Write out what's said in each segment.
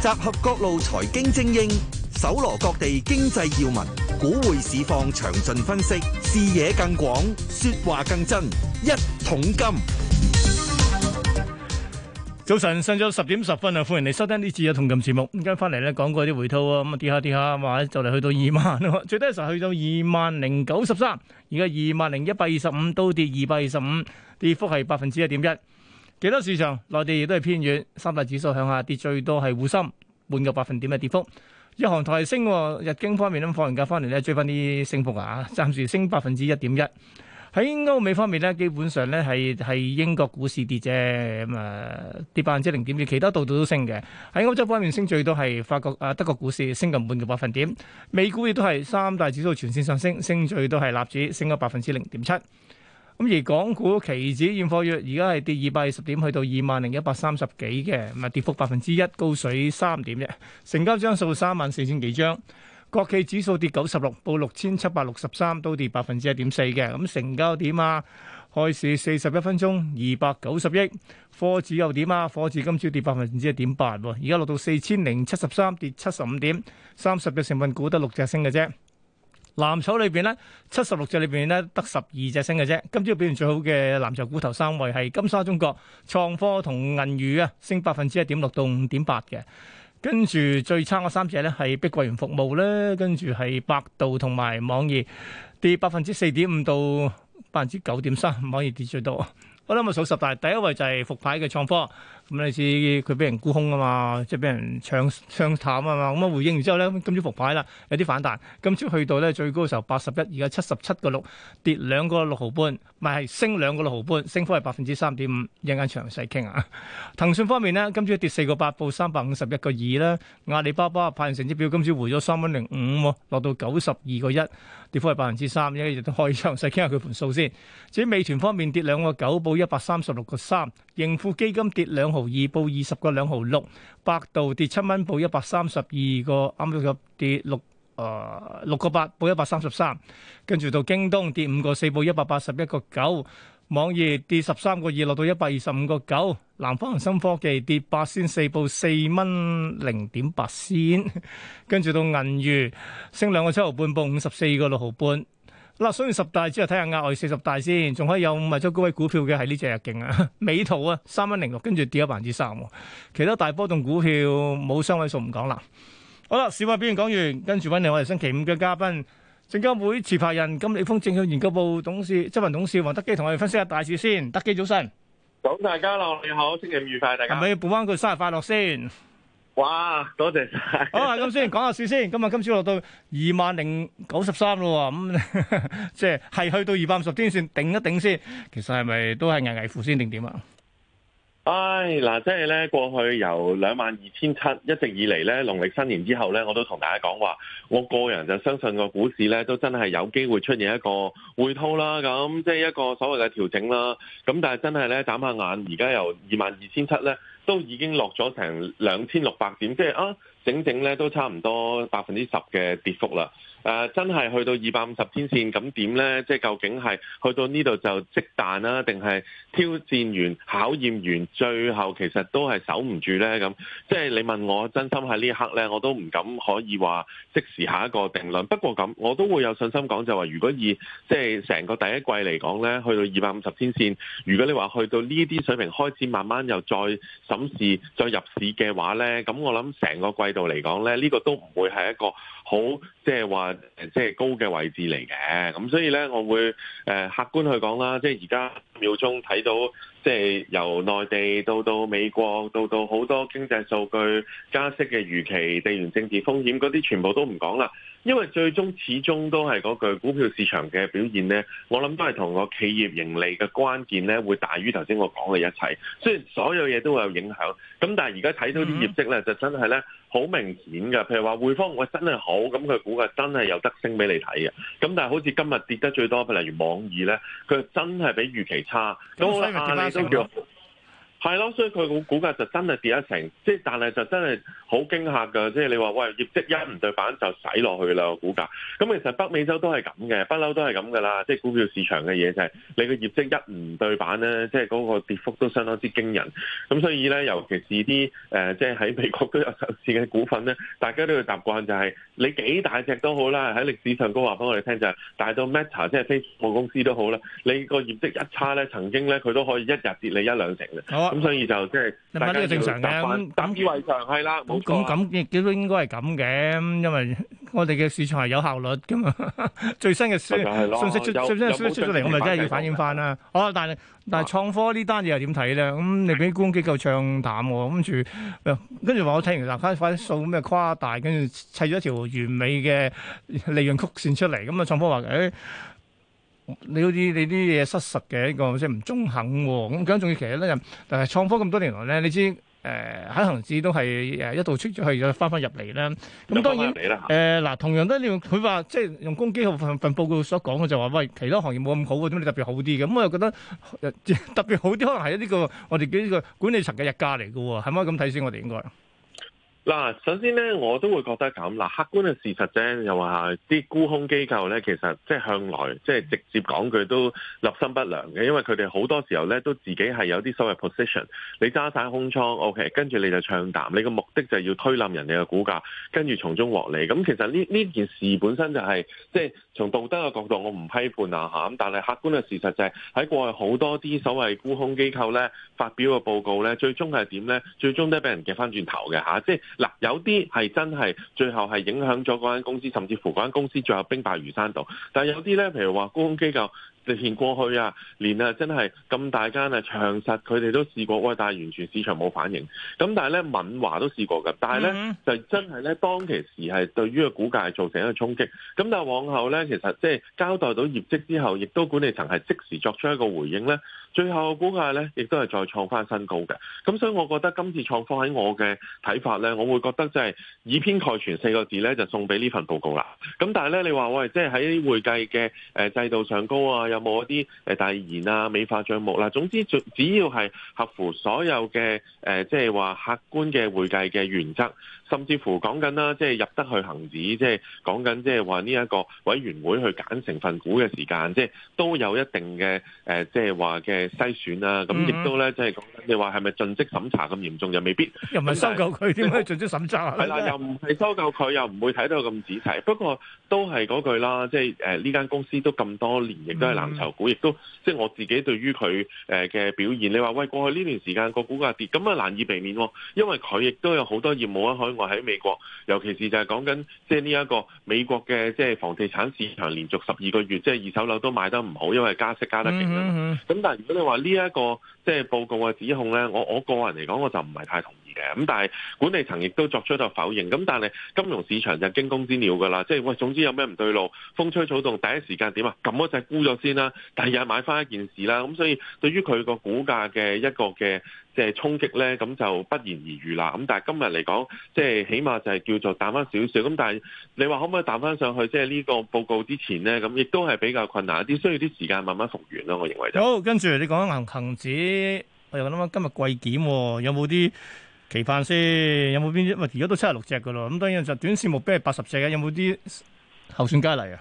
集合各路財經精英，搜羅各地經濟要聞，股匯市況詳盡分析，視野更廣，說話更真。一桶金，早晨，上晝十點十分啊！歡迎嚟收聽呢次嘅同琴節目。咁而家翻嚟咧，講過啲回吐啊，咁啊跌下跌下，話就嚟去到二萬，最低時候去到二萬零九十三，而家二萬零一百二十五都跌二百二十五，跌幅係百分之一點一。幾多市場？內地亦都係偏遠。三大指數向下跌，最多係滬深半個百分點嘅跌幅。日韓台升，日經方面咁放完假翻嚟咧，追翻啲升幅啊！暫時升百分之一點一。喺歐美方面咧，基本上咧係係英國股市跌啫，咁、嗯、啊跌百分之零點二。其他度度都升嘅。喺歐洲方面升最多係法國啊德國股市升近半個百分點。美股亦都係三大指數全線上升，升最多係納指升咗百分之零點七。咁而港股期指現貨月而家係跌二百二十點，去到二萬零一百三十幾嘅，咁啊跌幅百分之一，高水三點啫。成交張數三萬四千幾張。國企指數跌九十六，報六千七百六十三，都跌百分之一點四嘅。咁成交點啊？開市四十一分鐘二百九十億。科指又點啊？科指今朝跌百分之一點八喎，而家落到四千零七十三，跌七十五點。三十隻成分股得六隻升嘅啫。藍籌裏邊咧，七十六隻裏邊咧，得十二隻升嘅啫。今朝表現最好嘅藍籌股頭三位係金沙中國、創科同銀娛啊，升百分之一點六到五點八嘅。跟住最差嘅三隻咧係碧桂園服務咧，跟住係百度同埋網易，跌百分之四點五到百分之九點三，網易跌最多。好啦，我數十大，第一位就係復牌嘅創科。咁你知佢俾人沽空啊嘛，即係俾人唱唱淡啊嘛，咁啊回應完之後咧今朝復牌啦，有啲反彈。今朝去到咧最高嘅時候八十一，而家七十七個六，跌兩個六毫半，唔係升兩個六毫半，升幅係百分之三點五。一陣間詳細傾啊。騰訊方面咧，今朝跌四個八，報三百五十一個二啦。阿里巴巴派完成績表，今朝回咗三蚊零五，落到九十二個一，跌幅係百分之三。一間亦都可以詳細傾下佢盤數先。至於美團方面跌兩個九，報一百三十六個三。盈富基金跌兩毫二，報二十個兩毫六；百度跌七蚊，報一百三十二個，啱啱入跌六六個八，報一百三十三。跟住到京東跌五個四，報一百八十一個九；網易跌十三個二，落到一百二十五個九；南方恒生科技跌八仙四，報四蚊零點八仙。跟住到銀娛升兩個七毫半，報五十四個六毫半。嗱，所以十大之後睇下額外四十大先，仲可以有五日走高位股票嘅係呢隻日勁啊，美圖啊，三蚊零六，跟住跌咗百分之三。其他大波動股票冇雙位數唔講啦。好啦，市話表現講完，跟住揾嚟我哋星期五嘅嘉賓，證監會持牌人金利豐證券研究部董事執行董事黃德基，同我哋分析下大市先。德基早晨，感大家咯，你好，星期五愉快，大家。係咪要補翻句生日快樂先？哇，多謝好啊，咁先講下市先。今日今朝落到二萬零九十三啦，咁即係係去到二百五十天線頂一頂先。其實係咪都係危危乎先定點啊？唉，嗱，即係咧，過去由兩萬二千七一直以嚟咧，農曆新年之後咧，我都同大家講話，我個人就相信個股市咧，都真係有機會出現一個回吐啦，咁即係一個所謂嘅調整啦。咁但係真係咧，眨下眼，而家由二萬二千七咧，都已經落咗成兩千六百點，即係啊，整整咧都差唔多百分之十嘅跌幅啦。誒、呃、真係去到二百五十天線咁點呢？即係究竟係去到呢度就直彈啦、啊，定係挑戰完、考驗完，最後其實都係守唔住呢？咁即係你問我，真心喺呢一刻呢，我都唔敢可以話即時下一個定論。不過咁，我都會有信心講就話，如果以即係成個第一季嚟講呢，去到二百五十天線，如果你話去到呢啲水平開始慢慢又再審視、再入市嘅話呢，咁我諗成個季度嚟講呢，呢、呢個都唔會係一個好即係話，就是即係高嘅位置嚟嘅，咁所以呢，我會誒、呃、客觀去講啦。即係而家秒鐘睇到，即係由內地到到美國，到到好多經濟數據、加息嘅預期、地緣政治風險嗰啲，全部都唔講啦。因為最終始終都係嗰句股票市場嘅表現咧，我諗都係同個企業盈利嘅關鍵咧，會大於頭先我講嘅一切，雖然所有嘢都會有影響。咁但係而家睇到啲業績咧，就真係咧好明顯㗎。譬如話匯豐，我真係好，咁佢估計真係有得升俾你睇嘅。咁但係好似今日跌得最多，譬如例如網易咧，佢真係比預期差。咁啊，你都叫？係咯，所以佢個股價就真係跌一成，即係但係就真係好驚嚇㗎。即係你話喂業績一唔對板就洗落去啦個股價。咁其實北美洲都係咁嘅，不嬲都係咁㗎啦。即係股票市場嘅嘢就係你個業績一唔對板咧，即係嗰個跌幅都相當之驚人。咁所以咧，尤其是啲誒即係喺美國都有上市嘅股份咧，大家都要習慣就係你幾大隻都好啦。喺歷史上高話畀我哋聽就係，大到 Meta 即係 Facebook 公司都好啦，你個業績一差咧，曾經咧佢都可以一日跌你一兩成嘅。咁、嗯、所以就即係，咁呢個正常嘅，咁咁以為常係啦。咁咁亦都應該係咁嘅，因為我哋嘅市場係有效率㗎嘛。最新嘅消 的 信息出， 最新消息出咗嚟，我咪真係要反映翻啦。好、啊，但係但係創科呢單嘢又點睇咧？咁、嗯、你俾啲公機構唱淡喎、啊嗯，跟住跟住話我睇完大家發啲數咩誇大，跟住砌咗條完美嘅利潤曲線出嚟，咁、嗯、啊創科話誒。哎你好似你啲嘢失實嘅一個即係唔中肯喎、哦，咁更仲要其實咧，但係創科咁多年來咧，你知誒喺恆指都係誒一度出咗去又翻翻入嚟咧，咁、嗯、當然誒嗱、呃、同樣都你用佢話即係用公基號份份報告所講嘅就話、是、喂，其他行業冇咁好嘅，點解你特別好啲嘅，咁、嗯、我又覺得特別好啲可能係呢、這個我哋幾個管理層嘅日價嚟嘅喎，係咪咁睇先？我哋應該。嗱，首先咧，我都會覺得咁。嗱，客觀嘅事實啫、就是，又話啲沽空機構咧，其實即係向來即係、就是、直接講句都立心不良嘅，因為佢哋好多時候咧都自己係有啲所謂 position，你揸晒空倉，OK，跟住你就唱淡，你個目的就係要推冧人哋嘅股價，跟住從中獲利。咁其實呢呢件事本身就係即係從道德嘅角度，我唔批判啊吓。但係客觀嘅事實就係、是、喺過去好多啲所謂沽空機構咧發表嘅報告咧，最終係點咧？最終都係俾人夾翻轉頭嘅吓，即係。嗱，有啲係真係最後係影響咗嗰間公司，甚至乎嗰間公司最後兵敗如山倒。但係有啲咧，譬如話公共機構。歷年過去啊，連啊真係咁大間啊長實，佢哋都試過，喂，但係完全市場冇反應。咁但係咧，敏華都試過㗎，但係咧就真係咧當其時係對於個股價造成一個衝擊。咁但係往後咧，其實即係交代到業績之後，亦都管理層係即時作出一個回應咧。最後嘅股價咧，亦都係再創翻新高嘅。咁所以我覺得今次創科喺我嘅睇法咧，我會覺得即係以偏概全四個字咧，就送俾呢份報告啦。咁但係咧，你話喂，即係喺會計嘅誒制度上高啊，又～冇一啲誒大言啊、美化帳目啦，總之只要係合乎所有嘅誒，即係話客觀嘅會計嘅原則，甚至乎講緊啦，即係入得去恆指，即係講緊即係話呢一個委員會去揀成分股嘅時間，即、就、係、是、都有一定嘅誒，即係話嘅篩選啦、啊。咁亦、嗯嗯、都咧，即係講緊你話係咪盡職審查咁嚴重又未必，又唔係收購佢點可以盡職審查？係啦、嗯， 又唔係收購佢，又唔會睇到咁仔細。不過都係嗰句啦，即係誒呢間公司都咁多年，亦都係難 藍籌股亦都，即係我自己對於佢誒嘅表現，你話喂過去呢段時間個股價跌，咁啊難以避免喎、哦，因為佢亦都有好多業務喺海外喺美國，尤其是就係講緊即係呢一個美國嘅即係房地產市場連續十二個月即係二手樓都賣得唔好，因為加息加得勁啦。咁、嗯嗯嗯、但係如果你話呢一個即係報告嘅指控咧，我我個人嚟講我就唔係太同。嘅咁，但係管理層亦都作出咗否認。咁但係金融市場就驚弓之鳥噶啦，即係喂，總之有咩唔對路，風吹草動，第一時間點啊，撳一隻沽咗先啦，第二日買翻一件事啦。咁所以對於佢個股價嘅一個嘅即係衝擊咧，咁就不言而喻啦。咁但係今日嚟講，即係起碼就係叫做淡翻少少。咁但係你話可唔可以淡翻上去？即係呢個報告之前咧，咁亦都係比較困難一啲，需要啲時間慢慢復原咯。我認為就係、好。跟住你講緊恆指，我又諗翻今日季檢有冇啲？企返先有冇邊啲？咪而家都七十六隻噶咯。咁當然就短線目標係八十隻嘅。有冇啲候選佳麗啊？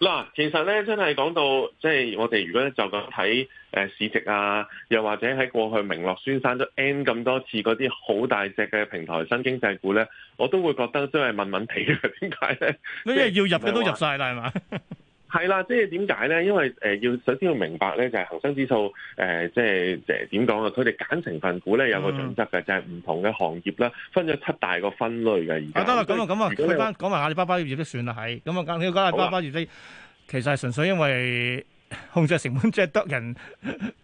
嗱，其實咧，真係講到即係我哋如果就咁睇誒市值啊，又或者喺過去名落孫山都 N 咁多次嗰啲好大隻嘅平台新經濟股咧，我都會覺得都係穩穩地嘅。點解咧？因為要入嘅都入晒啦，係嘛？ 係啦，即係點解咧？因為誒，要首先要明白咧、呃，就係恒生指數誒，即係誒點講啊？佢哋揀成分股咧，有個準則嘅，就係、是、唔同嘅行業咧，分咗七大個分類嘅。而家得啦，咁啊、嗯，咁啊以，翻講埋阿里巴巴嘅業績都算啦，係咁啊，講你阿里巴巴業績，啊、其實係純粹因為控制成本，即係得人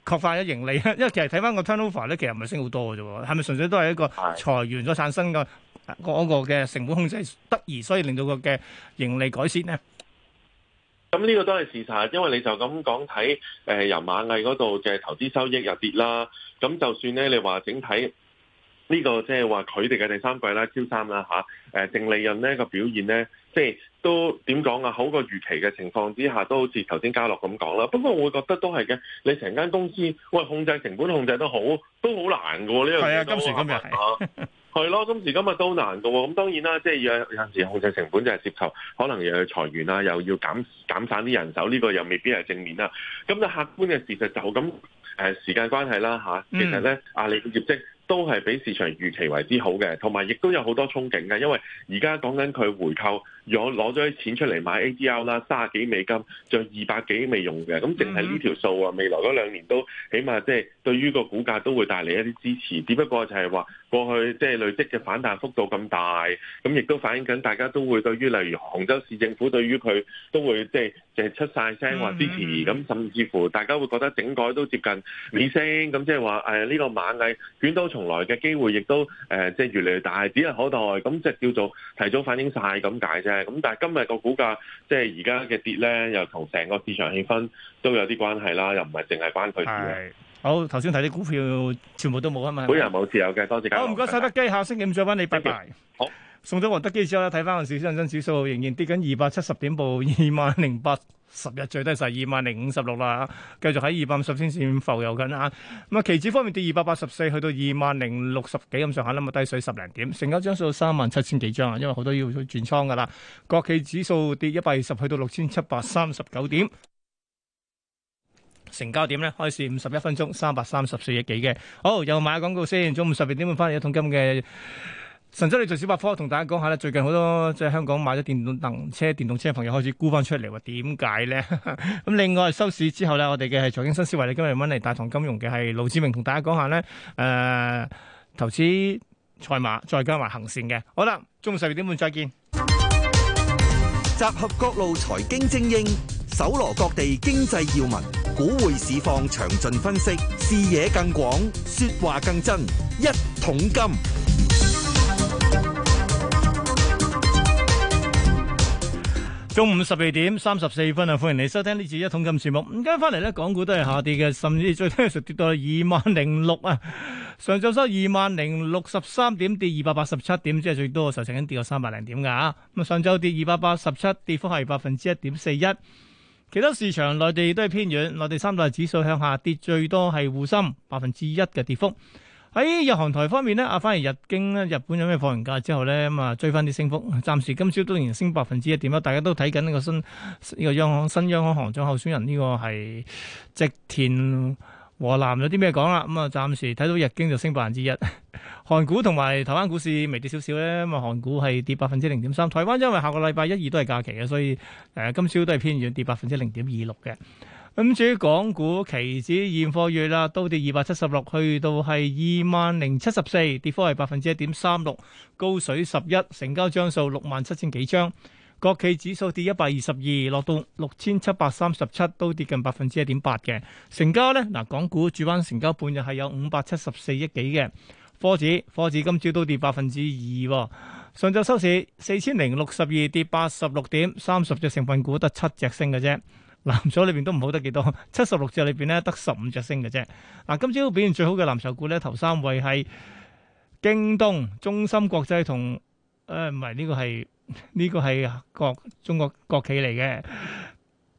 擴大咗盈利。因為其實睇翻個 turnover 咧，其實唔係升好多嘅啫，係咪純粹都係一個裁員所產生個嗰個嘅成本控制得宜，所以令到個嘅盈利改善咧？咁呢個都係事實，因為你就咁講睇，誒、呃、由螞蟻嗰度嘅投資收益又跌啦。咁就算咧，你話整體呢、呢個即係話佢哋嘅第三季啦、Q 三啦吓，誒、啊、淨、呃、利潤咧個表現咧，即係都點講啊？好過預期嘅情況之下，都好似頭先嘉樂咁講啦。不過我會覺得都係嘅，你成間公司喂控制成本控制得好，都好難嘅喎。呢樣嘢。啊，今時今日係。係咯，今時今日都難噶喎，咁當然啦，即係有有陣時控制成本就係涉及可能又要裁員啊，又要減減省啲人手，呢個又未必係正面啊。咁就客觀嘅事實就咁誒，時間關係啦嚇，其實咧，阿里嘅業績， 都係比市場預期為之好嘅，同埋亦都有好多憧憬嘅，因為而家講緊佢回購，有攞咗啲錢出嚟買 ADR 啦，卅幾美金，就二百幾未用嘅，咁淨係呢條數啊，未來嗰兩年都起碼即係對於個股價都會帶嚟一啲支持。只不過就係話過去即係累積嘅反彈幅度咁大，咁亦都反映緊大家都會對於例如杭州市政府對於佢都會即係即係出晒聲話支持，咁、嗯嗯嗯、甚至乎大家會覺得整改都接近尾聲，咁即係話誒呢個螞蟻捲到從來嘅機會亦都誒，即係越嚟越大，指日可待。咁即係叫做提早反映曬咁解啫。咁但係今日個股價即係而家嘅跌咧，又同成個市場氣氛都有啲關係啦，又唔係淨係關佢事。係。好，頭先睇啲股票全部都冇啊嘛。本人冇持有嘅，多謝。好，唔該，世德基，下星期五再揾你，拜拜。好。送咗黃德基之後咧，睇翻個恒生指數仍然跌緊二百七十點報二萬零八十日最低實二萬零五十六啦，繼續喺二百五十天線浮遊緊啊。咁啊，期指方面跌二百八十四，去到二萬零六十幾咁上下啦，咪低水十零點。成交張數三萬七千幾張啊，因為好多要轉倉噶啦。國企指數跌一百二十，去到六千七百三十九點。成交點呢，開市五十一分鐘三百三十四億幾嘅。好，又買廣告先。中午十二點半翻嚟一桶金嘅。神州，你做小百科，同大家講下咧，最近好多即係香港買咗電動能車、電動車嘅朋友開始沽翻出嚟，話點解咧？咁另外收市之後咧，我哋嘅係財經新思維，你今日揾嚟大堂金融嘅係盧志明，同大家講下咧，誒，投資賽馬再加埋行線嘅。好啦，中午十二點半再見。集合各路財經精英，搜羅各地經濟要聞，股匯市況詳盡分析，視野更廣，說話更真，一桶金。中午十二點三十四分啊，歡迎你收聽呢次一桶金節目。咁今日翻嚟，咧，港股都係下跌嘅，甚至最低時跌到二萬零六啊。上晝收二萬零六十三點，跌二百八十七點，即係最多嘅時候曾經跌過三百零點噶。咁上周跌二百八十七，跌幅係百分之一點四一。其他市場內地都係偏軟，內地三大指數向下跌，最多係滬深百分之一嘅跌幅。喺、哎、日韓台方面咧，阿反而日經咧，日本有咩放完假之後咧，咁、嗯、啊追翻啲升幅。暫時今朝都仍然升百分之一點啦。大家都睇緊呢個新呢、這個央行新央行行長候選人呢個係植田和男有啲咩講啦？咁、嗯、啊，暫時睇到日經就升百分之一。韓 股同埋台灣股市微跌少少咧，咁、嗯、啊，韓股係跌百分之零點三，台灣因為下個禮拜一二都係假期嘅，所以誒、呃、今朝都係偏軟，跌百分之零點二六嘅。咁至於港股期指現貨月啦，都跌二百七十六，去到係二萬零七十四，跌幅係百分之一點三六，高水十一，成交張數六萬七千幾張。國企指數跌一百二十二，落到六千七百三十七，都跌近百分之一點八嘅。成交呢嗱，港股主板成交半日係有五百七十四億幾嘅。科指科指今朝都跌百分之二，上晝收市四千零六十二，跌八十六點，三十隻成分股得七隻升嘅啫。藍籌裏邊都唔好得幾多，七十六隻裏邊咧得十五隻升嘅啫。嗱，今朝表現最好嘅藍籌股咧，頭三位係京東、中芯國際同誒，唔係呢個係呢個係國中國國企嚟嘅。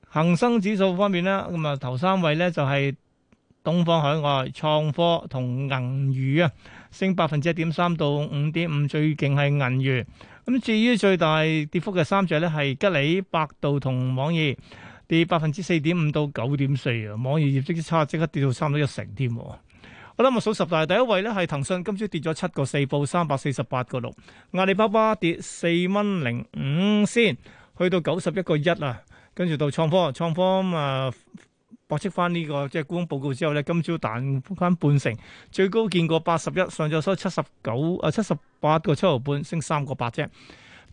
恒生指數方面咧，咁啊頭三位咧就係東方海外、創科同銀娛啊，升百分之一點三到五點五，最勁係銀娛。咁至於最大跌幅嘅三隻咧，係吉利、百度同網易。跌百分之四點五到九點四啊！網易業績差，即刻跌到差唔多一成添。我諗我數十大第一位咧，係騰訊，今朝跌咗七個四，報三百四十八個六。阿里巴巴跌四蚊零五先，去到九十一個一啊！跟住到創科，創科啊，駁斥翻呢個即係沽空報告之後咧，今朝彈翻半成，最高見過八十一，上咗收七十九啊，七十八個七毫半，升三個八啫。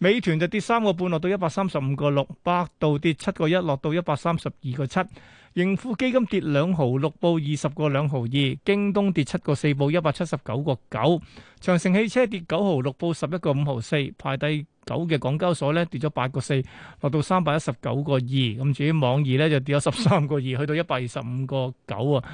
美團就跌三個半，落到一百三十五個六；百度跌七個一，落到一百三十二個七；盈富基金跌兩毫六，報二十個兩毫二；京東跌七個四，報一百七十九個九；長城汽車跌九毫六，報十一個五毫四；排第九嘅港交所呢，跌咗八個四，落到三百一十九個二。咁至於網易呢就跌咗十三個二，去到一百二十五個九啊。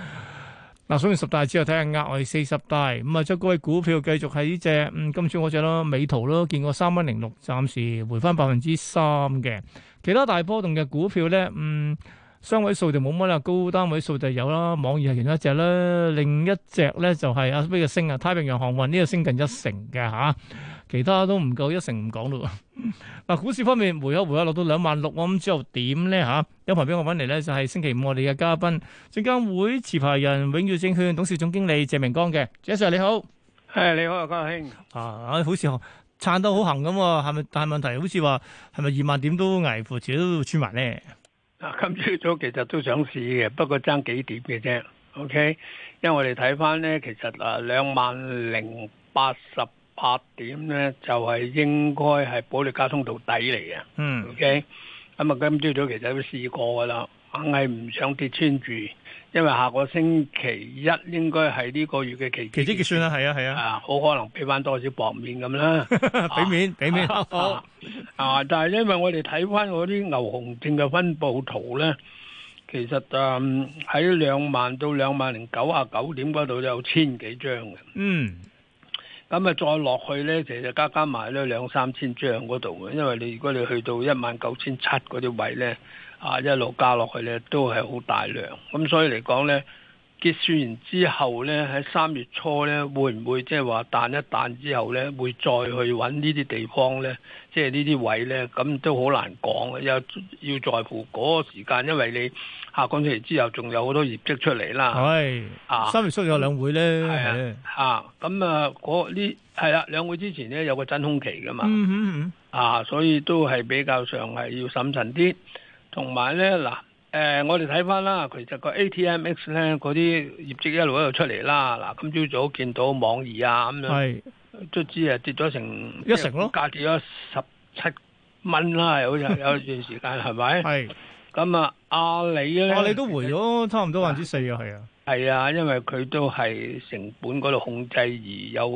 嗱，數完十大之後睇下，額外四十大咁啊，即係嗰位股票繼續喺呢隻，嗯，今次嗰隻咯，美圖咯，見過三蚊零六，暫時回翻百分之三嘅。其他大波動嘅股票咧，嗯，雙位數就冇乜啦，高單位數就有啦。網易係其中一隻啦，另一隻咧就係阿飛嘅升啊，太平洋航運呢個升近一成嘅吓。其他都唔夠一成，唔講咯。嗱，股市方面回一回啊，落到兩萬六，我諗之後點咧吓，有排俾我揾嚟咧，就係、是、星期五我哋嘅嘉賓，證監會持牌人永業證券董事總經理謝明光嘅，謝 Sir 你好。誒，你好啊，江兄。啊，好似撐到好行咁喎，係咪？但問題好似話係咪二萬點都危乎，自己都穿埋咧？啊，今朝早其實都想試嘅，不過爭幾點嘅啫。OK，因為我哋睇翻咧，其實啊兩萬零八十。八點咧就係、是、應該係保歷加通道底嚟嘅，嗯，O K，咁啊今朝早其實都試過噶啦，硬係唔想跌穿住，因為下個星期一應該係呢個月嘅期期指結算啦，係啊係啊，啊好、啊、可能俾翻多少薄面咁啦，俾面俾面，好 啊、啊，但係因為我哋睇翻我啲牛熊證嘅分布圖咧，其實誒喺兩萬到兩萬零九啊九點嗰度有千幾張嘅，嗯。咁啊，再落去呢，其實加加埋呢兩三千張嗰度嘅，因為你如果你去到一萬九千七嗰啲位呢，啊一路加落去呢，都係好大量，咁所以嚟講呢。結算完之後咧，喺三月初咧，會唔會即係話彈一彈之後咧，會再去搵呢啲地方咧，即係呢啲位咧，咁都好難講。又要在乎嗰個時間，因為你下降期之後仲有好多業績出嚟啦。係、哎、啊，三月初有兩會咧。係啊，啊咁啊，嗰啲係啦，兩會之前咧有個真空期噶嘛。嗯嗯啊，所以都係比較上係要審慎啲，同埋咧嗱。誒、呃，我哋睇翻啦，其實個 ATMX 咧嗰啲業績一路一路出嚟啦。嗱，今朝早見到網易啊，咁樣，係，總之啊跌咗成一成咯，價跌咗十七蚊啦，有有段時間係咪？係， 咁啊阿里啊，阿里、啊、都回咗差唔多百分之四啊，係啊，係啊，因為佢都係成本嗰度控制而有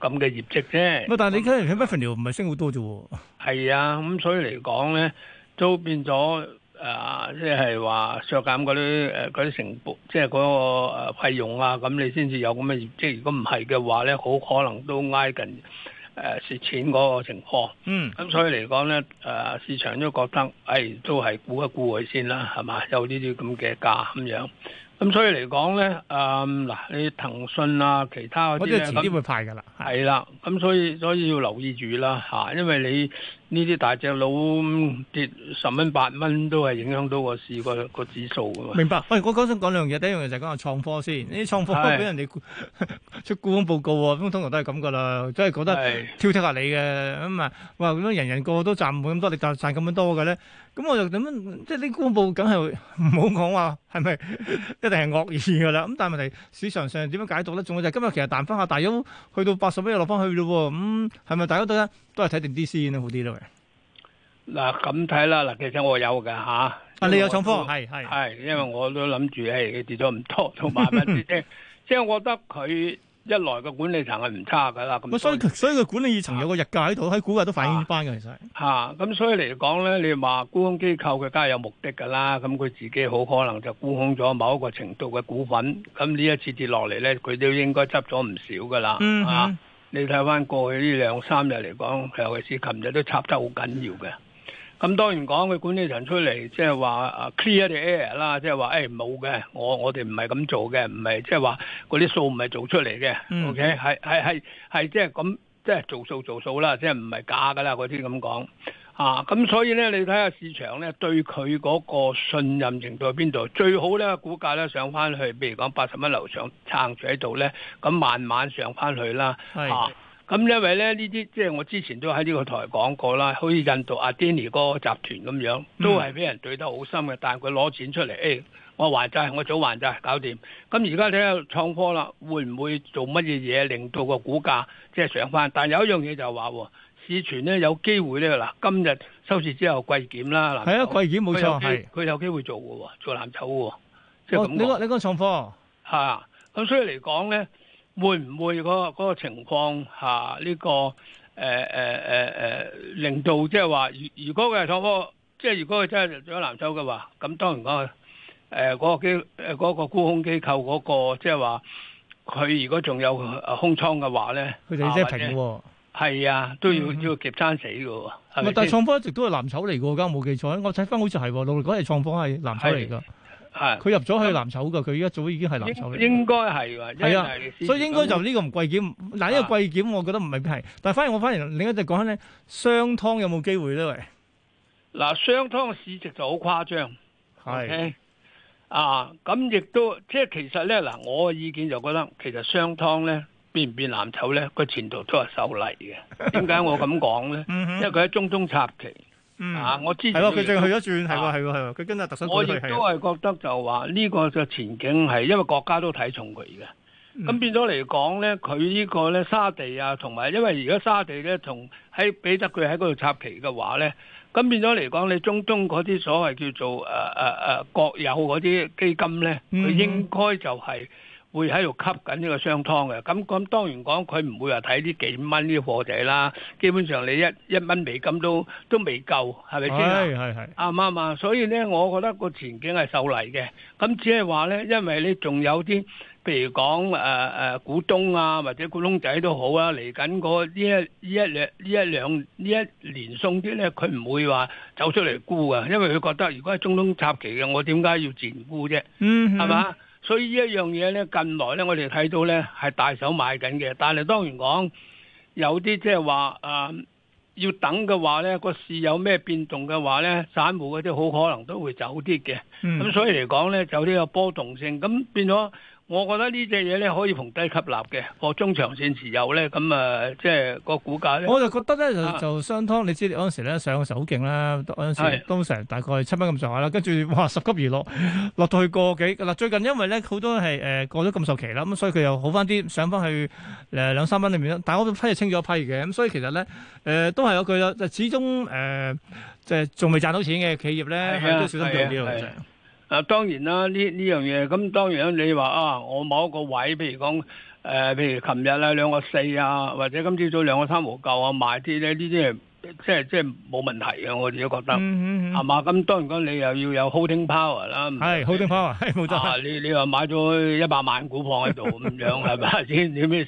咁嘅業績啫。但係你今日睇百分條唔係升好多啫，係啊，咁、 啊嗯嗯、所以嚟講咧都變咗。啊，即係話削減嗰啲誒啲成本，即係嗰個誒費用啊，咁你先至有咁嘅業績。如果唔係嘅話咧，好可能都挨近誒、啊、蝕錢嗰個情況。嗯，咁、啊、所以嚟講咧，誒、啊、市場都覺得，誒、哎、都係估一估佢先啦，係嘛？有呢啲咁嘅價咁樣。咁所以嚟講咧，誒、啊、嗱，你騰訊啊，其他嗰啲咧，我即係遲啲會派㗎啦。係啦、啊，咁、嗯、所以所以要留意住啦嚇，因為你。呢啲大隻佬、嗯、跌十蚊八蚊都係影響到我市個市個指數噶，明白。喂，我講想講兩樣嘢，第一樣嘢就係講下創科先。呢啲創科都俾人哋是 出顧問報告喎、啊，咁通常都係咁噶啦，都、就、係、是、覺得挑剔下你嘅咁啊。哇！咁樣人人個個都賺唔到咁多，你賺賺咁樣多嘅咧？咁、嗯、我就點樣？即係啲公布梗係唔好講話係咪一定係惡意噶啦？咁但係問題市場上點樣解讀咧？仲要就今日其實彈翻下大，大優去到八十蚊又落翻去咯。咁係咪大家都咧？都係睇定啲先咯，好啲咯。嗱咁睇啦，嗱，其實我有噶嚇，但你有重科，係係係，因為我都諗住，係佢跌咗唔多，同埋唔知即係，我覺得佢一來個管理層係唔差噶啦。咁所以所以佢管理層有個日價喺度，喺股價都反映翻嘅其實。嚇，咁所以嚟講咧，你話沽空機構佢梗係有目的噶啦，咁佢自己好可能就沽空咗某一個程度嘅股份，咁呢一次跌落嚟咧，佢都應該執咗唔少噶啦，嚇。你睇翻過去呢兩三日嚟講，尤其是琴日都插得好緊要嘅。咁當然講，佢管理層出嚟即係話啊，clear the air 啦，即係話誒冇嘅，我我哋唔係咁做嘅，唔係即係話嗰啲數唔係做出嚟嘅。O K，係係係係即係咁，即係、okay? 就是就是、做數做數啦，即係唔係假噶啦，嗰啲咁講。啊，咁所以咧，你睇下市場咧對佢嗰個信任程度喺邊度？最好咧，股價咧上翻去，譬如講八十蚊樓上撐住喺度咧，咁慢慢上翻去啦。係、啊。咁的、嗯、因為咧，呢啲即係我之前都喺呢個台講過啦，好似印度阿 Denny 嗰個集團咁樣，都係俾人對得好深嘅，但係佢攞錢出嚟，誒、哎，我還債，我早還債，搞掂。咁而家睇下創科啦，會唔會做乜嘢嘢令到個股價即係上翻？但有一樣嘢就係話。市傳咧有機會咧嗱，今日收市之後季檢啦，係啊季檢冇、啊、錯，佢有，是有機會做嘅喎，做藍籌喎，即係咁你講、那個、你講上科嚇，咁、啊、所以嚟講咧，會唔會嗰、那個那個情況下呢、這個誒誒誒誒，令到即係、就是、話，如如果佢係上科，即係如果佢真係做咗藍籌嘅話，咁當然講誒嗰個機誒嗰個沽空機構嗰、那個，即係話佢如果仲有空倉嘅話咧，佢就停係啊，都要要夾餐死噶。係咪，但係創科一直都係藍籌嚟噶，我冇記錯。我睇翻好似係，六六九係創科係藍籌嚟噶。係，佢入咗去藍籌噶，佢一早已經係藍籌嚟。應該係話，係啊，所以應該就呢個唔貴檢，嗱呢個貴檢，我覺得唔未必係。但係反而我反而另一隻講緊咧，商湯有冇機會咧？喂，嗱，商湯嘅市值就好誇張，係啊，咁亦都即係其實咧，嗱，我嘅意見就覺得，其實商湯咧。變唔變藍籌咧？佢前途都係受嚟嘅，點解我咁講咧？因為佢喺中東插旗，啊，我之前係佢最去咗轉，係喎，係喎，佢跟日特首。我亦都係覺得就話呢個嘅前景係，因為國家都睇重佢嘅。咁變咗嚟講咧，佢呢個咧沙地啊，同埋因為而家沙地咧，同喺俾得佢喺嗰度插旗嘅話咧，咁變咗嚟講，你中東嗰啲所謂叫做誒誒誒國有嗰啲基金咧，佢應該就係。會喺度吸緊呢個商湯嘅。咁、嗯、咁當然講佢唔會話睇啲幾蚊呢啲貨仔啦。基本上你一一蚊美金都都未夠，係咪先？係係係，啱唔啱啊！所以咧，我覺得個前景係受嚟嘅。咁只係話咧，因為你仲有啲，譬如講誒誒股東啊，或者股東仔都好啊，嚟緊嗰呢一呢一兩呢一兩呢一年送啲咧，佢唔會話走出嚟沽啊，因為佢覺得如果係中東插旗嘅，我點解要自賤沽啫？嗯，係、嗯、嘛？嗯嗯嗯所以呢一樣嘢咧，近來咧，我哋睇到咧係大手買緊嘅，但係當然講有啲即係話誒要等嘅話咧，個市有咩變動嘅話咧，散戶嗰啲好可能都會走啲嘅。咁、嗯嗯、所以嚟講咧，就有呢個波動性，咁變咗。我覺得呢隻嘢咧可以逢低吸納嘅，個中長線持有咧，咁啊，即係個股價咧，我就覺得咧就就商湯，你知嗰陣時咧上嗰陣時好勁啦，嗰陣時都成大概七蚊咁上下啦，跟住哇十級而落，落到去個幾嗱。最近因為咧好多係誒過咗禁售期啦，咁所以佢又好翻啲，上翻去誒兩三蚊裏面啦，但係我一批清咗一批嘅，咁所以其實咧誒、呃、都係有句啦，就始終誒即係仲未賺到錢嘅企業咧，都小心啲。嗱當然啦，呢呢樣嘢咁當然你話啊，我某一個位，譬如講誒、呃，譬如琴日啊兩個四啊，或者今朝早兩個三冇夠啊，買啲咧，呢啲係即係即係冇問題嘅。我自己覺得係嘛。咁、嗯嗯嗯嗯、當然講你又要有 holding power 啦。係是是 holding power 冇錯。你你話買咗一百萬股放喺度咁樣係咪先？你咩？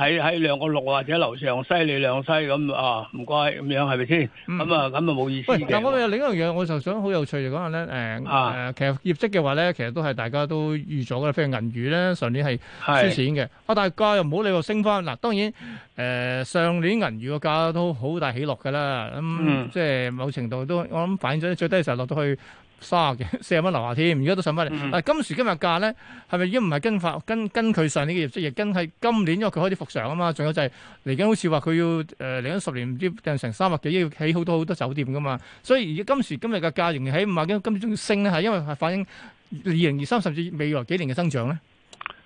喺喺兩個六或者樓上犀利兩犀咁啊，唔該咁樣係咪先？咁啊咁啊冇意思嘅。喂，嗱，有另一樣我就想好有趣就講下咧。誒、呃、誒、啊呃，其實業績嘅話咧，其實都係大家都預咗嘅，譬如銀宇咧，上年係輸錢嘅是、啊。啊，大家又唔好理佢升翻。嗱，當然誒、呃，上年銀宇個價都好大起落嘅啦。咁、嗯嗯、即係某程度都，我諗反映咗最低嘅時候落到去。卅幾四十蚊樓下添，而家都上翻嚟。嗱、嗯，今時今日價咧，係咪已經唔係跟發跟跟佢上年嘅業績？亦跟係今年，因為佢開始復常啊嘛。仲有就係嚟緊，好似話佢要誒嚟緊十年唔知掟成三百幾億要起好多好多酒店噶嘛。所以而家今時今日嘅價仍然喺五萬幾，今朝升咧係因為反映二零二三甚至未來幾年嘅增長咧。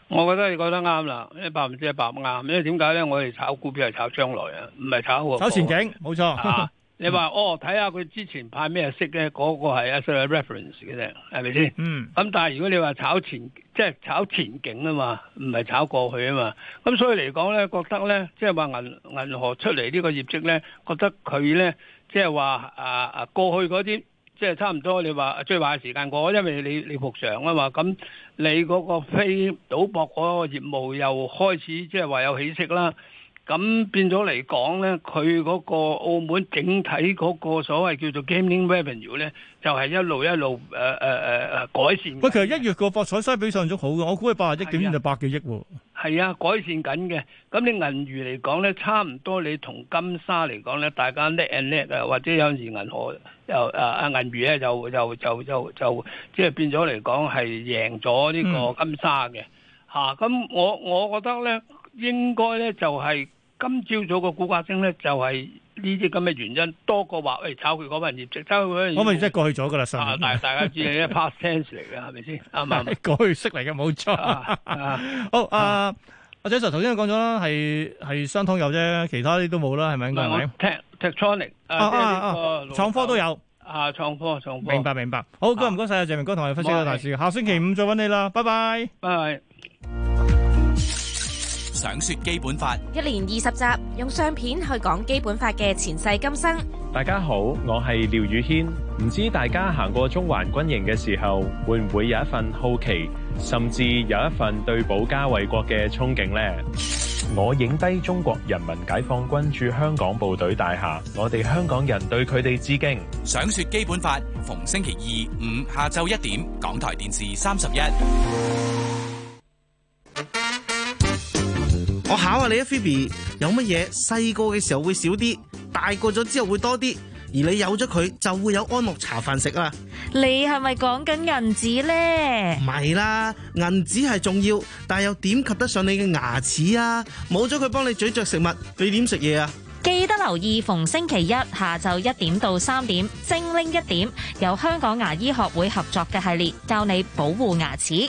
我覺得你覺得啱啦，一百分之一百啱。因為點解咧？我哋炒股票係炒將來，唔係炒我炒前景，冇錯。你話哦，睇下佢之前派咩息咧，嗰、那個係啊作為 reference 嘅啫，係咪先？嗯。咁但係如果你話炒前，即、就、係、是、炒前景啊嘛，唔係炒過去啊嘛。咁所以嚟講咧，覺得咧，即係話銀銀河出嚟呢個業績咧，覺得佢咧，即係話啊啊過去嗰啲，即、就、係、是、差唔多。你話最壞時間過，因為你你復常啊嘛。咁你嗰個非賭博嗰個業務又開始，即係話有起色啦。咁變咗嚟講咧，佢嗰個澳門整體嗰個所謂叫做 Gaming Revenue 咧，就係一路一路誒誒誒誒改善。喂，其實一月個博彩稅比上週好嘅，我估係八十億點算就百幾億喎。係啊，改善緊嘅。咁你銀娛嚟講咧，差唔多你同金沙嚟講咧，大家 neck and neck 啊，或者有陣時銀河又啊啊銀娛咧，就就就就就即係變咗嚟講係贏咗呢個金沙嘅嚇。咁我我覺得咧。應該咧就係今朝早個股價升咧，就係呢啲咁嘅原因多過話，誒炒佢嗰份業績。炒佢嗰份業績，我問即係過去咗噶啦，十。啊，大大家知啦，past tense 嚟嘅係咪先？啊嘛，過去式嚟嘅冇錯。好，阿阿 Jason 頭先講咗啦，係係雙通有啫，其他啲都冇啦，係咪？係咪？Techtronic 啊啊啊！創科都有啊，創科創科。明白明白。好，今日唔該曬啊，鄭明哥同我哋分析個大市。下星期五再揾你啦，拜拜。拜拜。想說基本法，一連二十集，用相片去講基本法嘅前世今生。大家好，我係廖宇軒。唔知大家行過中環軍營嘅時候，會唔會有一份好奇，甚至有一份對保家衛國嘅憧憬呢？我影低中國人民解放軍駐香港部隊大廈，我哋香港人對佢哋致敬。想說基本法，逢星期二五下晝一點，港台電視三十一。我考下你啊，Phoebe，有乜嘢細個嘅時候會少啲，大個咗之後會多啲，而你有咗佢就會有安樂茶飯食啦。你係咪講緊銀紙咧？唔係啦，銀紙係重要，但又點及得上你嘅牙齒啊？冇咗佢幫你咀嚼食物，你點食嘢啊？記得留意逢星期一下晝一點到三點，精靈一點，由香港牙醫學會合作嘅系列，教你保護牙齒。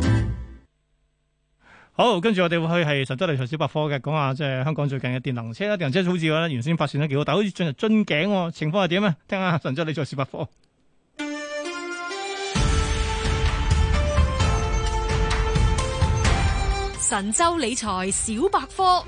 好，跟住我哋會去係神州理財小百科嘅，講下即係香港最近嘅電能車啦，電能車好似咧原先發展得幾好，但好似進入樽頸、哦、情況係點咧？聽下神州理財小百科。神州理財小百科。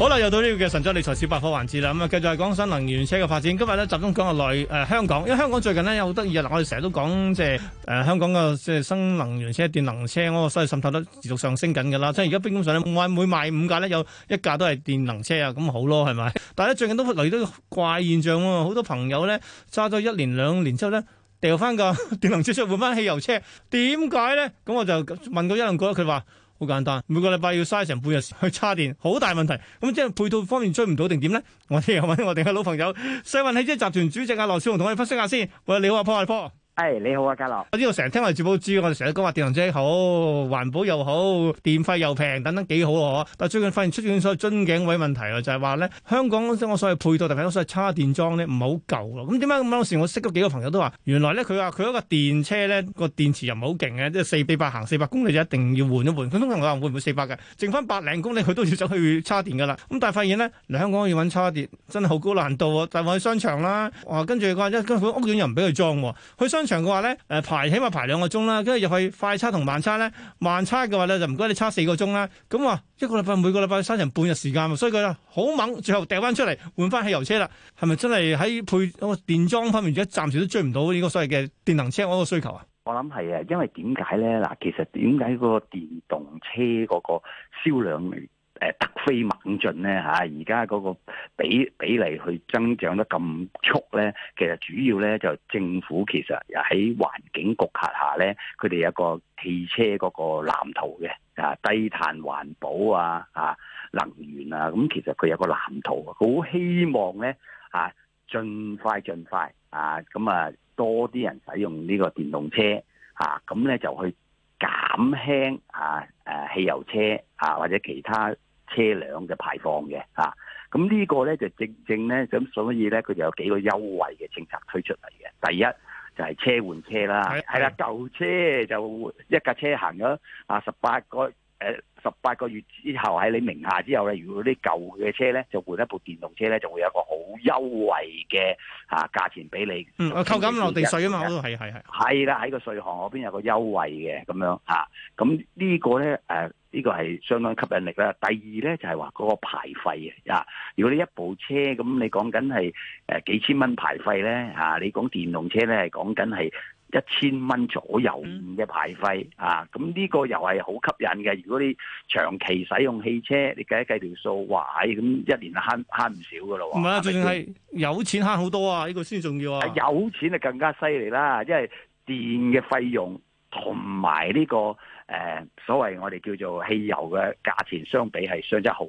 好啦，又到呢個嘅神州理財小百科環節啦，咁啊，繼續係講新能源車嘅發展。今日咧，集中講下嚟誒香港，因為香港最近咧有好得意啊。嗱，我哋成日都講即係誒香港嘅即係新能源車、電能車嗰個，所以滲透率持續上升緊嘅啦。即係而家基本上，我每賣五架咧，有一架都係電能車啊，咁好咯，係咪？但係咧最近都嚟咗怪現象喎，好多朋友咧揸咗一年兩年之後咧，掉翻個電能車出換翻汽油車，點解咧？咁我就問過一兩個，佢話。好簡單，每個禮拜要嘥成半日去叉電，好大問題。咁即係配套方面追唔到定點咧？我哋又揾我哋嘅老朋友世運汽車集團主席阿羅少雄同我哋分析下先。喂，你好啊，波啊波。係、hey, 你好啊，家樂。我呢度成日聽話住保知我哋成日講話電動車好，環保又好，電費又平，等等幾好啊！但係最近發現出現咗樽頸位問題啊，就係話咧香港香港所謂配套同埋嗰所謂叉電樁咧唔係好夠，咁點解咁當時，我識咗幾個朋友都話，原來咧佢話佢嗰個電車咧個電池又唔係好勁嘅，即係四百行四百公里就一定要換一換。佢通常話會唔會四百嘅？剩翻百零公里佢都要走去叉電噶啦。咁但係發現咧，嚟，香港要揾叉電真係好高難度啊！但係去商場啦，跟住佢話一間屋苑又唔俾佢裝，去商場嘅話咧，誒排起碼排兩個鐘啦，跟住入去快叉同慢叉咧，慢叉嘅話咧就唔該你叉四個鐘啦。咁話一個禮拜每個禮拜三成半日時間，所以佢好猛，最後掉翻出嚟換翻汽油車啦。係咪真係喺配電裝方面而家暫時都追唔到呢個所謂嘅電能車嗰個需求啊？我諗係啊，因為點解咧？嗱，其實點解嗰個電動車嗰個銷量？誒突飛猛進咧嚇，而家嗰個比比例去增長得咁速咧，其實主要咧就政府其實喺環境局轄下咧，佢哋有個汽車嗰個藍圖嘅啊，低碳環保啊啊能源啊，咁其實佢有個藍圖，好希望咧啊，盡快盡快啊，咁啊多啲人使用呢個電動車啊，咁咧就去減輕啊誒、啊、汽油車啊或者其他。車輛嘅排放嘅嚇，咁、啊、呢個呢就正正呢。咁，所以呢，佢就有幾個優惠嘅政策推出嚟嘅。第一就係、是、車換車啦，係啦的，舊車就一架車行咗啊十八個。誒十八個月之後喺你名下之後咧，如果啲舊嘅車咧，就換一部電動車咧，就會有一個好優惠嘅嚇價錢俾你。嗯，扣緊、嗯、落地稅啊嘛，都係係係。係啦，喺個稅項嗰邊有個優惠嘅咁樣嚇。咁、啊、呢、啊呢個咧誒，呢個係相當吸引力啦。第二咧就係話嗰個牌費啊，如果你一部車咁你講緊係誒幾千蚊牌費咧嚇、啊，你講電動車咧係講緊係。一千蚊左右嘅排費、嗯、啊、咁、這、呢個又係好吸引嘅。如果你長期使用汽車，你計一計條數，哇！咁、哎、一年慳慳唔少噶咯喎。唔係啊，淨係有錢慳好多啊，呢、這個先重要啊。有錢就更加犀利啦，因為電嘅費用同埋呢個誒、呃、所謂我哋叫做汽油嘅價錢相比係相差好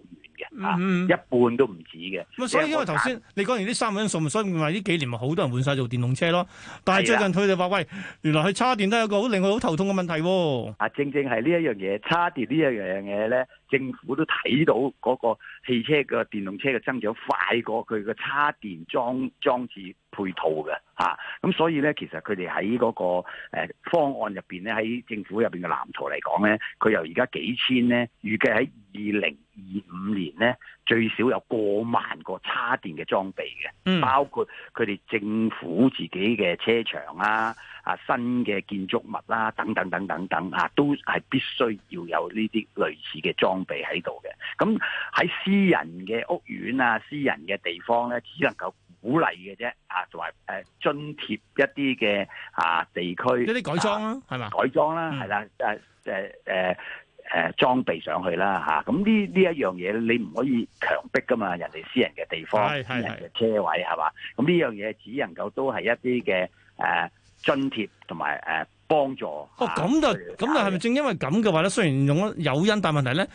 嗯，一半都唔止嘅。咁所以因為頭先你講完啲三個因素，所以咪呢幾年咪好多人換晒做電動車咯。但係最近佢哋話喂，原來佢叉電都有一個好令我好頭痛嘅問題喎。啊，正正係呢一樣嘢，叉電呢一樣嘢咧。政府都睇到嗰個汽車嘅電動車嘅增長快過佢嘅叉電裝裝置配套嘅嚇，咁、啊、所以呢，其實佢哋喺嗰個、呃、方案入邊呢，喺政府入邊嘅藍圖嚟講呢，佢由而家幾千呢，預計喺二零二五年呢。最少有過萬個叉電嘅裝備嘅，嗯、包括佢哋政府自己嘅車場啊、啊新嘅建築物啦、啊、等等等等等啊，都係必須要有呢啲類似嘅裝備喺度嘅。咁喺私人嘅屋苑啊、私人嘅地方咧、啊，只能夠鼓勵嘅啫啊，同埋誒津貼一啲嘅啊地區一啲改裝、啊，啦、啊，係嘛嗎？改裝啦、啊，係啦、嗯，誒誒誒。啊啊啊啊啊啊啊誒裝、呃、備上去啦嚇，咁呢呢一樣嘢你唔可以強迫噶嘛，人哋私人嘅地方、對私人嘅車位係嘛，咁呢樣嘢只能夠都係一啲嘅誒津貼同埋誒幫助。啊、哦，咁就咁去打 就係咪正因為咁嘅話咧？雖然用咗誘因，但問題咧。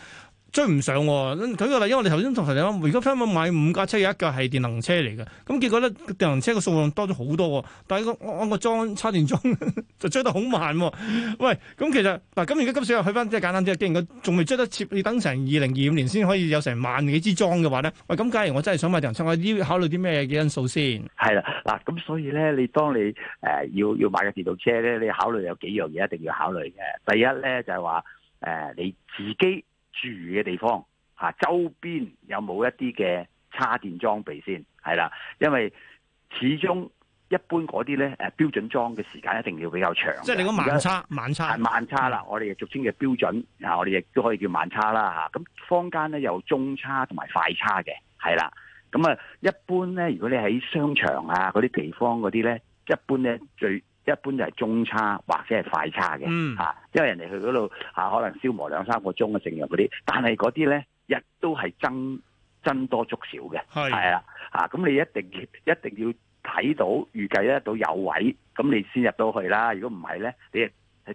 追唔上、哦，舉個例，因為我頭先同陳生講，而家香港買五架車，有一架係電能車嚟嘅。咁結果咧，電能車嘅數量多咗好多、哦，但係我我我裝叉電裝 就追得好慢、哦。喂，咁、嗯、其實嗱，咁而家今次又去翻即係簡單啲，既然佢仲未追得切，你等成二零二五年先可以有成萬幾支裝嘅話咧，喂，咁假如我真係想買電能車，我要考慮啲咩嘅因素先？係啦，嗱、啊，咁所以咧，你當你誒要、呃、要買嘅電動車咧，你考慮有幾樣嘢一定要考慮嘅。第一咧就係話誒你自己，住嘅地方，嚇周邊有冇一啲嘅插電裝備先，係啦，因為始終一般嗰啲咧誒標準裝嘅時間一定要比較長。即係你講慢插，慢插係慢插啦，我哋俗稱嘅標準，嚇我哋亦都可以叫慢插啦嚇。咁坊間咧有中插同埋快插嘅，係啦。咁啊，一般咧，如果你喺商場啊嗰啲地方嗰啲咧，一般咧最。一般就係中叉或者係快叉嘅嚇，嗯、因為人哋去嗰度嚇可能消磨兩三個鐘嘅正嘅嗰啲，但係嗰啲咧亦都係僧僧多粥少嘅，係是啊嚇。咁你一定一定要睇到預計得到有位，咁你先入到去啦。如果唔係咧，你係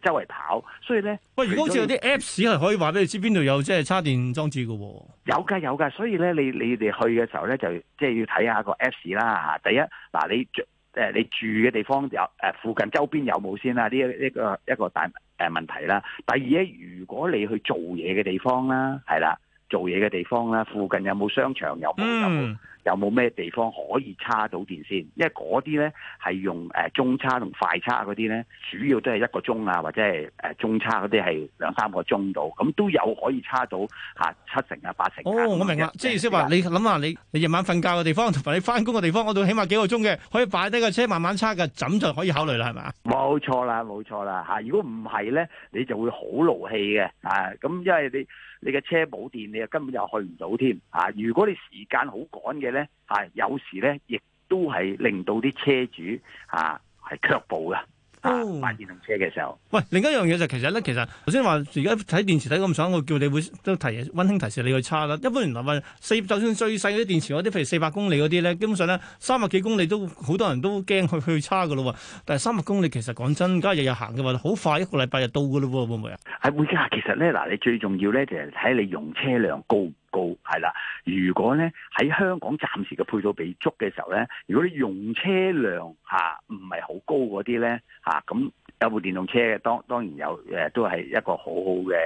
周圍跑。所以咧，喂，如果好似有啲 Apps 係可以話俾你知邊度有即係叉電裝置嘅喎，有㗎有㗎。所以咧，你你哋去嘅時候咧，就即、是、係要睇下個 Apps 啦嚇。第一嗱、啊，你，、啊你啊啊即誒、呃、你住嘅地方有誒、呃、附近周邊有冇先啦？呢一一個一、一個大誒、呢個、問題啦。第二咧，如果你去做嘢嘅地方啦，係啦。做嘢嘅地方啦，附近有冇商場？嗯、有冇有冇咩地方可以叉到電線？因為嗰啲呢係用誒中叉同快叉嗰啲呢，主要都係一個鐘啊，或者係誒中叉嗰啲係兩三個鐘到，咁都有可以叉到嚇七成啊八成。哦，我明啦，即係即話你諗下，你你夜晚瞓覺嘅地方同埋你翻工嘅地方，我到起碼幾個鐘嘅，可以擺低個車慢慢叉嘅咁就可以考慮啦，係咪啊？冇錯啦，冇錯啦嚇！如果唔係呢，你就會好勞氣嘅咁因為你。你嘅車冇電，你又根本就去唔到添啊！如果你時間好趕嘅咧，啊，有時咧亦都係令到啲車主啊係卻步嘅。啊！買電動車嘅時候，喂，另一樣嘢就其實咧，其實頭先話而家睇電池睇咁爽，我叫你會都提溫馨提示你去叉啦。一般原來話四，就算最細嗰啲電池，嗰啲譬如四百公里嗰啲咧，基本上咧三百幾公里都好多人都驚去去叉㗎喇喎。但係三百公里其實講真，家日日行嘅話，好快一個禮拜就到㗎喇喎，會唔會啊？係會㗎，其實咧嗱，你最重要咧就係睇你用車量高。高係啦，如果咧喺香港暫時嘅配套俾足嘅時候咧，如果你用車量吓唔係好高嗰啲咧吓，咁、啊、有部電動車嘅，當當然有誒、呃，都係一個好好嘅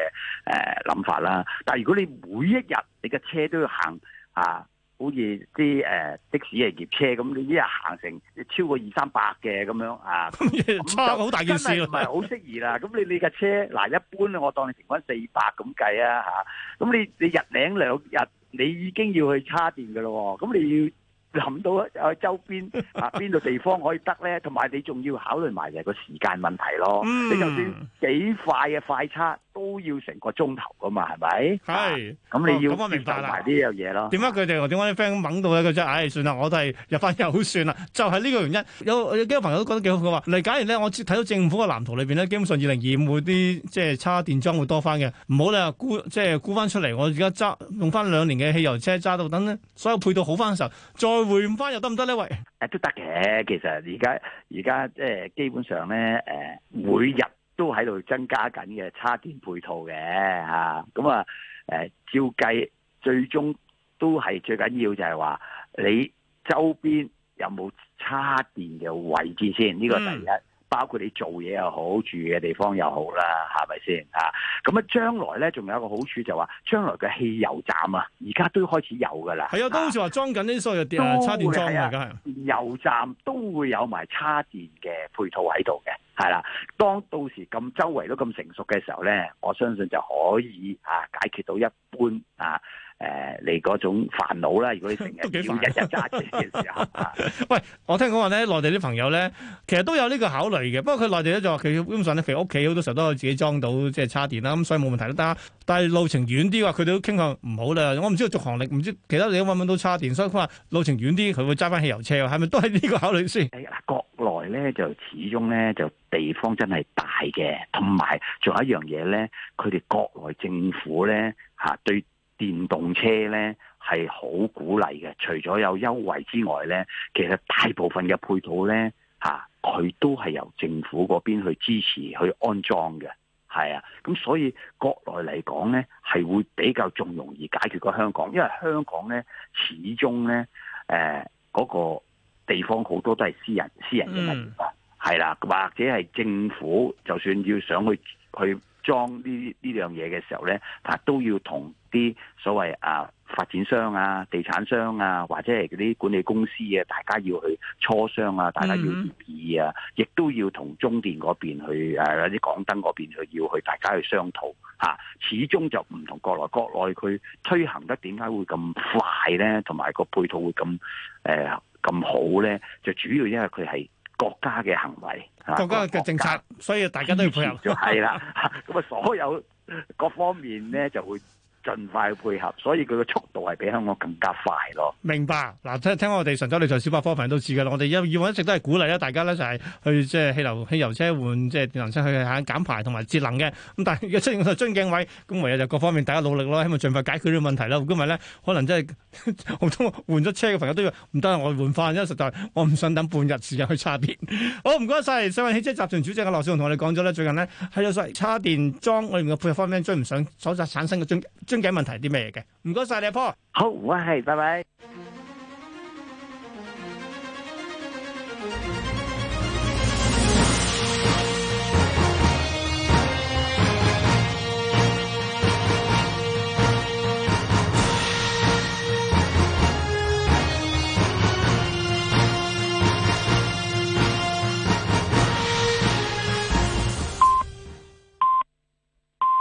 誒諗法啦。但係如果你每一日你嘅車都要行吓。啊好似啲誒，的士嚟劫車，咁你一日行成超過二三百嘅咁樣，樣啊，樣 好大件事，唔係好適宜啦。咁你你架車嗱、啊、一般，我當你平均四百咁計啊嚇。咁你你日領兩日，你已經要去叉電嘅咯喎。咁你要。諗到啊，周邊啊邊度地方可以得咧，同埋你仲要考慮埋嘅個時間問題咯。嗯、你就算幾快嘅快叉，都要成個鐘頭㗎嘛，係咪？係，咁你要結合埋呢樣嘢咯。點解佢哋？點解啲 friend 掹到咧？佢真係，唉、哎，算啦，我都係入翻油算啦。就係、是、呢個原因，有有幾個朋友都覺得幾好。佢話：，嚟假如咧，我睇到政府嘅藍圖裏邊咧，基本上二零二五會啲即係叉電樁會多翻嘅。唔好你話估，即係估翻出嚟。我而家揸用翻兩年嘅汽油車揸到，等咧所，所有配套好翻嘅時候，再。回唔翻又得唔得呢？喂，誒都得嘅，其實而家而家即係基本上咧，誒每日都喺度增加緊嘅叉電配套嘅嚇，咁啊誒照計，最終都係最緊要就係話你周邊有冇叉電嘅位置先，呢個第一。包括你做嘢又好，住嘅地方又好啦，係咪先啊？咁啊，將來咧仲有一個好處就話，是，將來嘅汽油站啊，而家都開始有噶啦。係啊，都好似話裝緊呢啲所有電啊，叉電裝啊，咁啊的，係油站都會有埋叉電嘅配套喺度嘅，係啦。當到時咁周圍都咁成熟嘅時候咧，我相信就可以啊，解決到一般啊。誒、呃，你嗰種煩惱啦，如果你成日要日揸車嘅時候 喂，我聽講話咧，內地啲朋友咧，其實都有呢個考慮嘅。不過佢內地咧就其實基本上咧，譬如，屋企好多時候都有自己裝到即係插電啦，咁所以冇問題咯。但係，但係路程遠啲話，佢哋都傾向唔好啦。我唔知道續航力，唔知其他地方搵唔搵到叉電，所以佢話路程遠啲，佢會揸翻汽油車，係咪都係呢個考慮先？誒，國內咧就始終咧就地方真係大嘅，同埋仲有一樣嘢咧，佢哋國內政府咧吓、啊、對。電動車呢係好鼓勵嘅，除咗有優惠之外呢，其實大部分嘅配套呢，嚇、啊、佢都係由政府嗰邊去支持去安裝嘅，係啊，咁所以國內嚟講呢，係會比較仲容易解決過香港，因為香港呢始終呢，誒、呃、嗰、那個地方好多都係私人私人嘅物業，係啦、mm.，或者係政府就算要想去去。裝呢呢樣嘢嘅時候呢，嗱都要同啲所謂啊發展商啊、地產商啊，或者係嗰啲管理公司啊，大家要去磋商啊，大家要同意啊，亦都要同中電嗰邊去誒，有、啊、啲港燈嗰邊去要去，大家去商討吓、啊。始終就唔同國內，國內佢推行得點解會咁快呢？同埋個配套會咁誒咁好呢？就主要因為佢係。國家嘅行為，國家嘅政策，家所以大家都要配合。係啦，咁啊，所有各方面咧就會，盡快配合，所以佢嘅速度係比香港更加快咯。明白嗱，聽聽我哋神州理財小百科朋友都知嘅啦。我哋以往一直都係鼓勵咧，大家咧就係去即係汽油汽油車換即係電能車去，去減排同埋節能嘅。咁但係而家出現個樽頸位，咁唯有就各方面大家努力咯，希望盡快解決呢個問題咯。今日咧可能真係好多換咗車嘅朋友都要唔得我換翻，因為實在我唔想等半日時間去叉電。好唔該晒。上港汽車集團主席嘅羅少雄同我哋講咗咧，最近呢，咧喺叉電樁裏面嘅配合方面追唔上所產生嘅樽。經濟問題啲咩嘅？唔該晒你阿 Paul，好，我係，拜拜。